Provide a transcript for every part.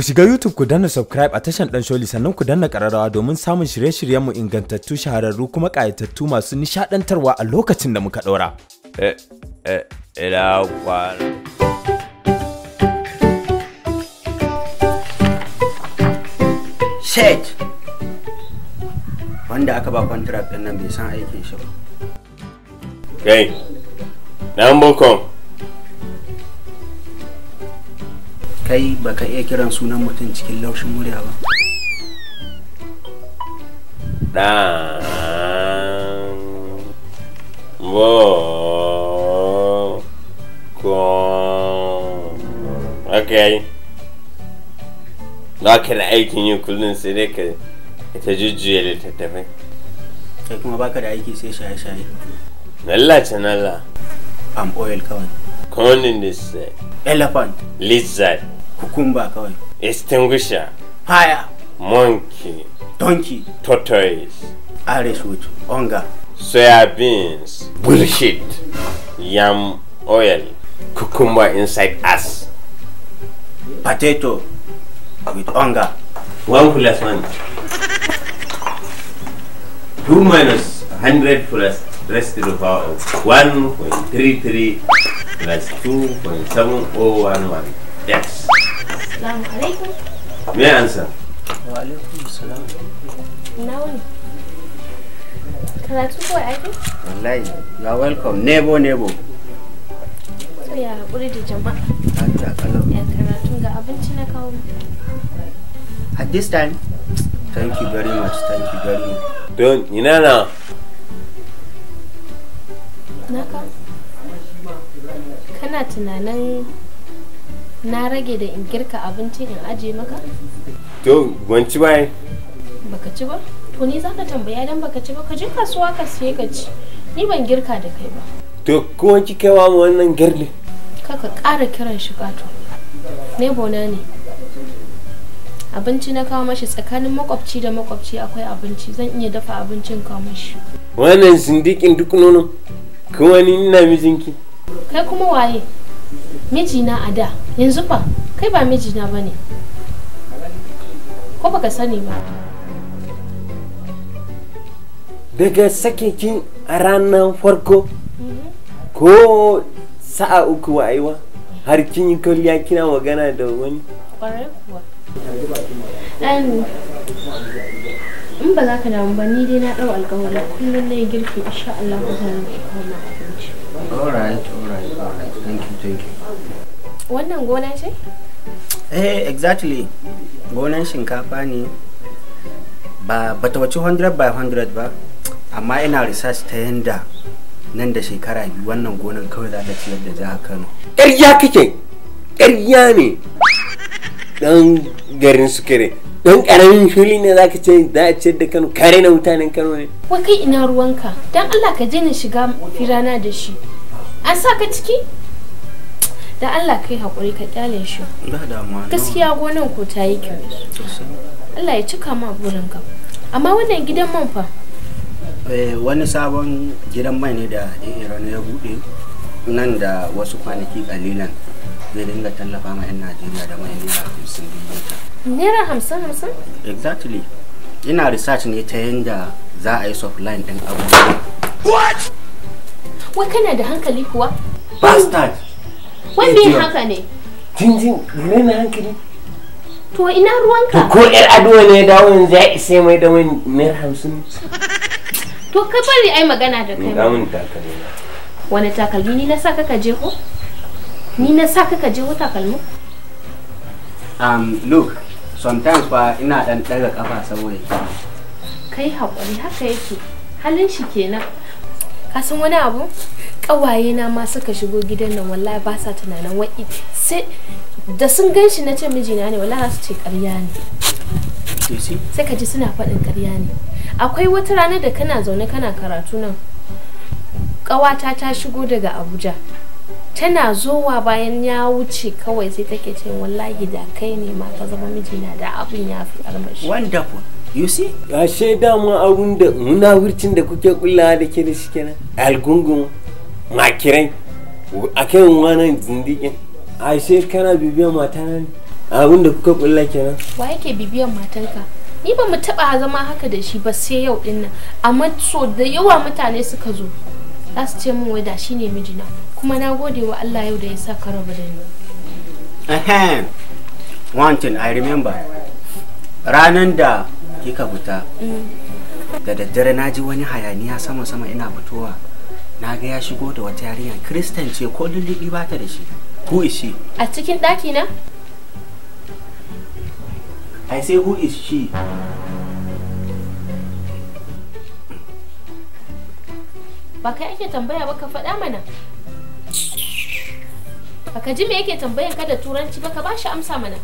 Ku shiga YouTube ku danna subscribe a tashan Dan Sholi sannan ku danna ƙararrawa domin samun shirye-shiryenmu ingantattu shahararru kuma ƙayatattu masu nishaɗantarwa a lokacin da muka ɗora. Eh, eh Wanda aka ba contract ɗin nan bai san aikin shi ba. Kai, na bukon. kai baka iya kiran sunan mutum cikin laushin murya ba dan ko okay za ka da aikin yi kullum sai dai ka ta jujjuya littattafai kai kuma baka da aiki sai shaye-shaye nalla ce nalla palm oil kawai conan this elephant lizard Kukumba kawai. Extinguisher. Haya. Monkey. Donkey. Tortoise. Arrowroot. Onga. Soybeans. Bullshit. Yam oil. Cucumber inside us. Potato. With onga. One plus one. Two minus hundred plus rest to the power of one point three three plus two point seven oh one one. Yes. Assalamu alaikum. Me ansa? Wa alaikum salam. Ina wani? Karatu kawai ake? Wallahi, you are welcome. Nebo nebo. To ya haƙuri da jama'a. Allah Ya ga abinci na kawo. At this time? Thank you very much. Thank you very much. ina na? Naka? Kana tunanin na rage da in girka abinci in aje maka to ban ci Ba baka ci ba to ni ka tambaya dan baka ci ba ka je kasuwa ka siye ka ci ni ban girka da kai ba to kuma ki kaiwa mu wannan Ka kaka ƙara kiran shi to. ne bona ne abinci na kawo mashi tsakanin makwabci da makwabci akwai abinci zan iya dafa abincin kawo mashi wannan sindikin duk nono kuma ni ina mijinki kai kuma waye mijina a da yanzu fa kai ba mijina ba ne ko baka sani ba daga sakinkin ranar farko ko sa'a uku wa aiwa har kin yi kwalliya kina magana da wani in ba za ka damu ba ni dai na ɗau alkawari kullum na yi girki insha Allah ku zan koma abinci all right all right all right thank you thank you wannan gonan shi? eh exactly gonan shinkafa ne ba bata wace 100 by 100 ba amma ina research ta yanda nan da shekara biyu wannan gonan kawai za ta ciyar da jihar kano ƙarya kake ƙarya ne dan garin sukere don ƙaramin fili ne za ka ce za a ciyar da kano kare na mutanen kano ne wai kai ina ruwanka don allah ka je na shiga firana da shi an sa ka ciki da Allah kai haƙuri ka kyale shi gaskiya gonan ko ta yi kyau Allah ya cika ma burinka amma wannan gidan man fa eh, wani sabon gidan mai ne da iran ya bude nan da wasu kwanaki kalilan zai dinga tallafa ma 'yan najeriya da mai naira hamsin naira hamsin hamsin exactly ina research ne ta yanda za a yi supply ɗin abubuwa what wai kana da hankali kuwa bastard wanda ya eh, haka ne jinjin ne na hankali to ina ruwanka to ko yar adowa ne dawo yanzu ya isa mai da wani naira hamsin to ka bari ai magana da kai mun takalmi wani takalmi ni na sa ka je ko ni na sa ka je ko takalmi um look sometimes fa ina dan daga kafa saboda kai hakuri haka yake halin shi kenan ka san wani abu kawaye na ma suka shigo gidan nan wallahi ba sa tunanin wa'i sai da sun gan na ce mijina ne wallahi su ce ƙarya ne sai ka ji suna faɗin ƙarya ne akwai wata rana da kana zaune kana karatu nan ƙawata ta shigo daga abuja tana zowa bayan ya wuce kawai sai take ce wallahi da kai ne ma ka zama mijina da abin ya fi armashi wonderful you see ashe dama abun da munawircin da kuke kullawa da ke da shi kenan algungun makirai a kan wannan zindikin a sai kana bibiyan mata nan abin da kuka kulla kenan wa yake bibiyan matarka ni ba mu taba zama haka da shi ba sai yau din nan amma so da yawa mutane suka zo za su ce min wai da shine mijina kuma na gode wa Allah yau da ya sa ka rabu da ni ahem one i remember ranan da kika fita mm. da daddare na ji wani hayaniya sama sama ina fitowa na ga ya shigo da wata yarinya kristan ce ko lulluɓi ba ta da shi who is she a cikin ɗaki na i say who is she ba kai ake tambaya ba ka faɗa mana baka ji me yake tambayan ka da turanci ba ka bashi amsa mana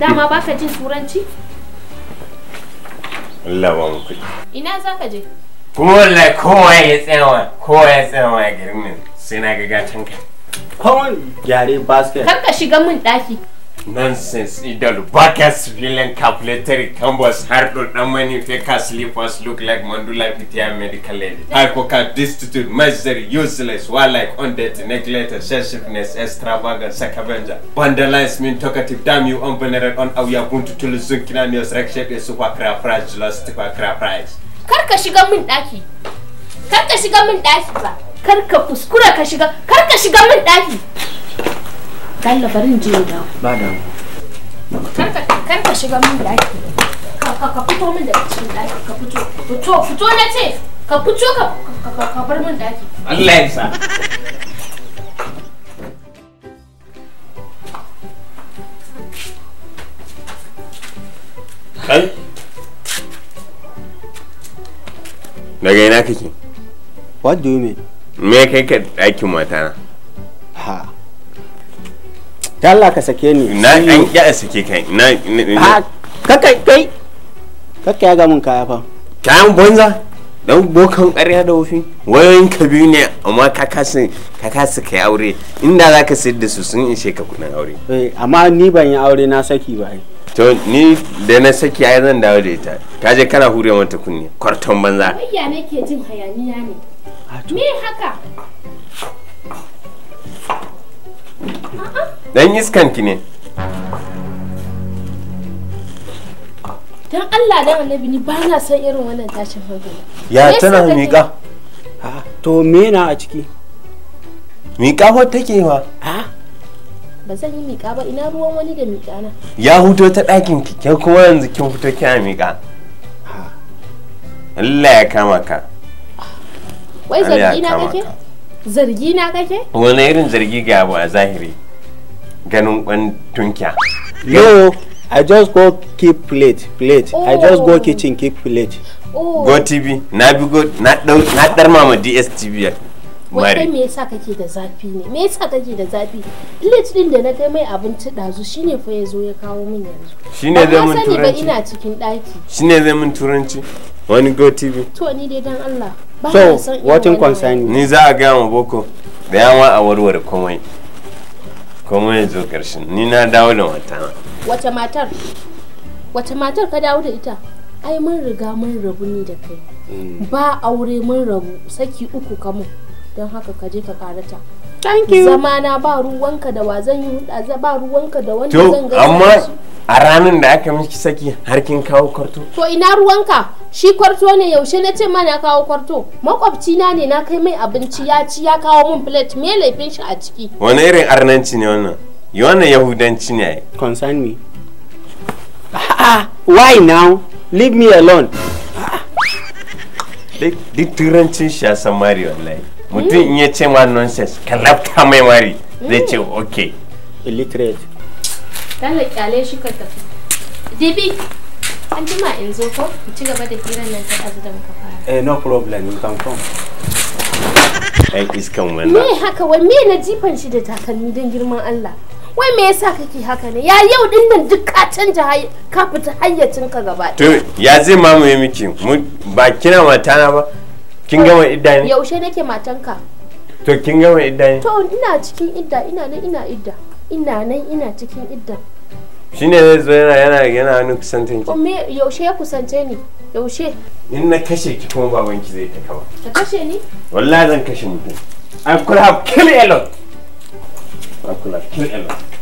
dama ba ka jin turanci Allah ba mu kuɗi ina zaka je Dole kowa ya tsawa, kowa ya tsawa a garin nan sai na ga gatan ka. Kawon yare basket. Kar ka shiga min ɗaki. Nonsense, idol. Backers villain calculatory canvas hard to the money faker slippers look like Mandula PTI medical lady. Hypocat destitute, misery, useless, while warlike, undead, neglected, excessiveness, extravagant, sacabanja. Vandalized, mean, talkative, damn you, unvenerate, unaware, buntu, tuluzun, kinanios, rexed, super crap, fragile, super crap, price. kar ka shiga min daki, kar ka shiga min daki ba kar ka fuskura ka shiga kar ka shiga min daki. dalla barin je da ba da kar ka kar ka shiga min daki ka ka fito min daga cikin daki ka fito fito fito na ce ka fito ka ka bar min daki. Allah ya sa Kai daga ina kake what do you mean me kai ka ɗakin na. ha ta ka sake ni na an ya sake kai na ha ka kai ka ya ga mun kaya fa kayan bonza dan bokan ƙarya da wofi wayoyin ka biyu ne amma ka kasu ka kasu kai aure inda zaka sayar da su sun ishe ka kuɗin aure eh amma ni ban yi aure na saki ba ai to ni da na saki ya zan dawo da ita ta je kana hure mata kunne kwarton banza ya nake jin hayaniya ne me haka dan iskan ki ne dan Allah dan annabi ni ba na son irin wannan tashin hankali ya tana miƙa to me na a ciki miƙa fa take ma a ba zan yi miƙa ba ina ruwan wani da miƙa na ya huto ta ɗakin kike kuma yanzu kin fito kina miƙa Allah ya kama ka wai zargi na kake zargi na kake wani irin zargi ga abu a zahiri ganin kwan tunkiya no i just go keep plate plate oh. i just go oh. kitchen keep plate oh. go tv na bi go na dar mama dstv wai me yasa kake da zafi ne me yasa kake da zafi plate din da na kai mai abinci dazu shine fa yazo ya kawo min yanzu shine zai mun turanci ina cikin daki shine zai mun turanci wani go tv to ni dai dan Allah ba so watin concern ni za a ga mu boko da yawa a warware komai komai zo karshen ni na dawo da mata wata matar wata matar ka dawo da ita ai mun riga mun rabu ni da kai mm. ba aure mun rabu saki uku kamun don haka ka je ka karata thank you zama na ba ruwanka da wa zan yi a ba ruwanka da wanda zan to amma a ranar da aka miki saki har kin kawo kwarto to ina ruwanka shi kwarto ne yaushe na ce mana kawo kwarto makwabci na ne na kai mai abinci ya ci ya kawo min plate me laifin shi a ciki wani irin arnanci ne wannan Yawanan yahudanci ne concern me ah, ah, why now leave me alone ah, duk turancin shi ya san mari wallahi mutum in ya ce ma nonsense ka lafta mai mari zai ce mm. ok illiterate dalla kyale shi ka tafi jibi an jima in zo ko mu ci gaba da firan nan ta azu da muka fara eh no problem you can come ai iskan wannan me haka wai me na jifan shi da takalmi don girman Allah wai me yasa kake haka ne ya yau din nan duk ka canja ka fita hayyacin ka gaba to ya zai mamaye miki ba kina na ba kin gama idda ne yaushe nake matanka to kin gama idda ne to ina cikin idda ina nan ina idda ina nan ina cikin idda shine zai zo yana yana yana hannu kusantin ki oh, me yaushe ya kusance ni yaushe in na kashe ki kuma baban ki zai ta kama ka kashe ni wallahi zan kashe mutum i could have killed elon. i could have killed a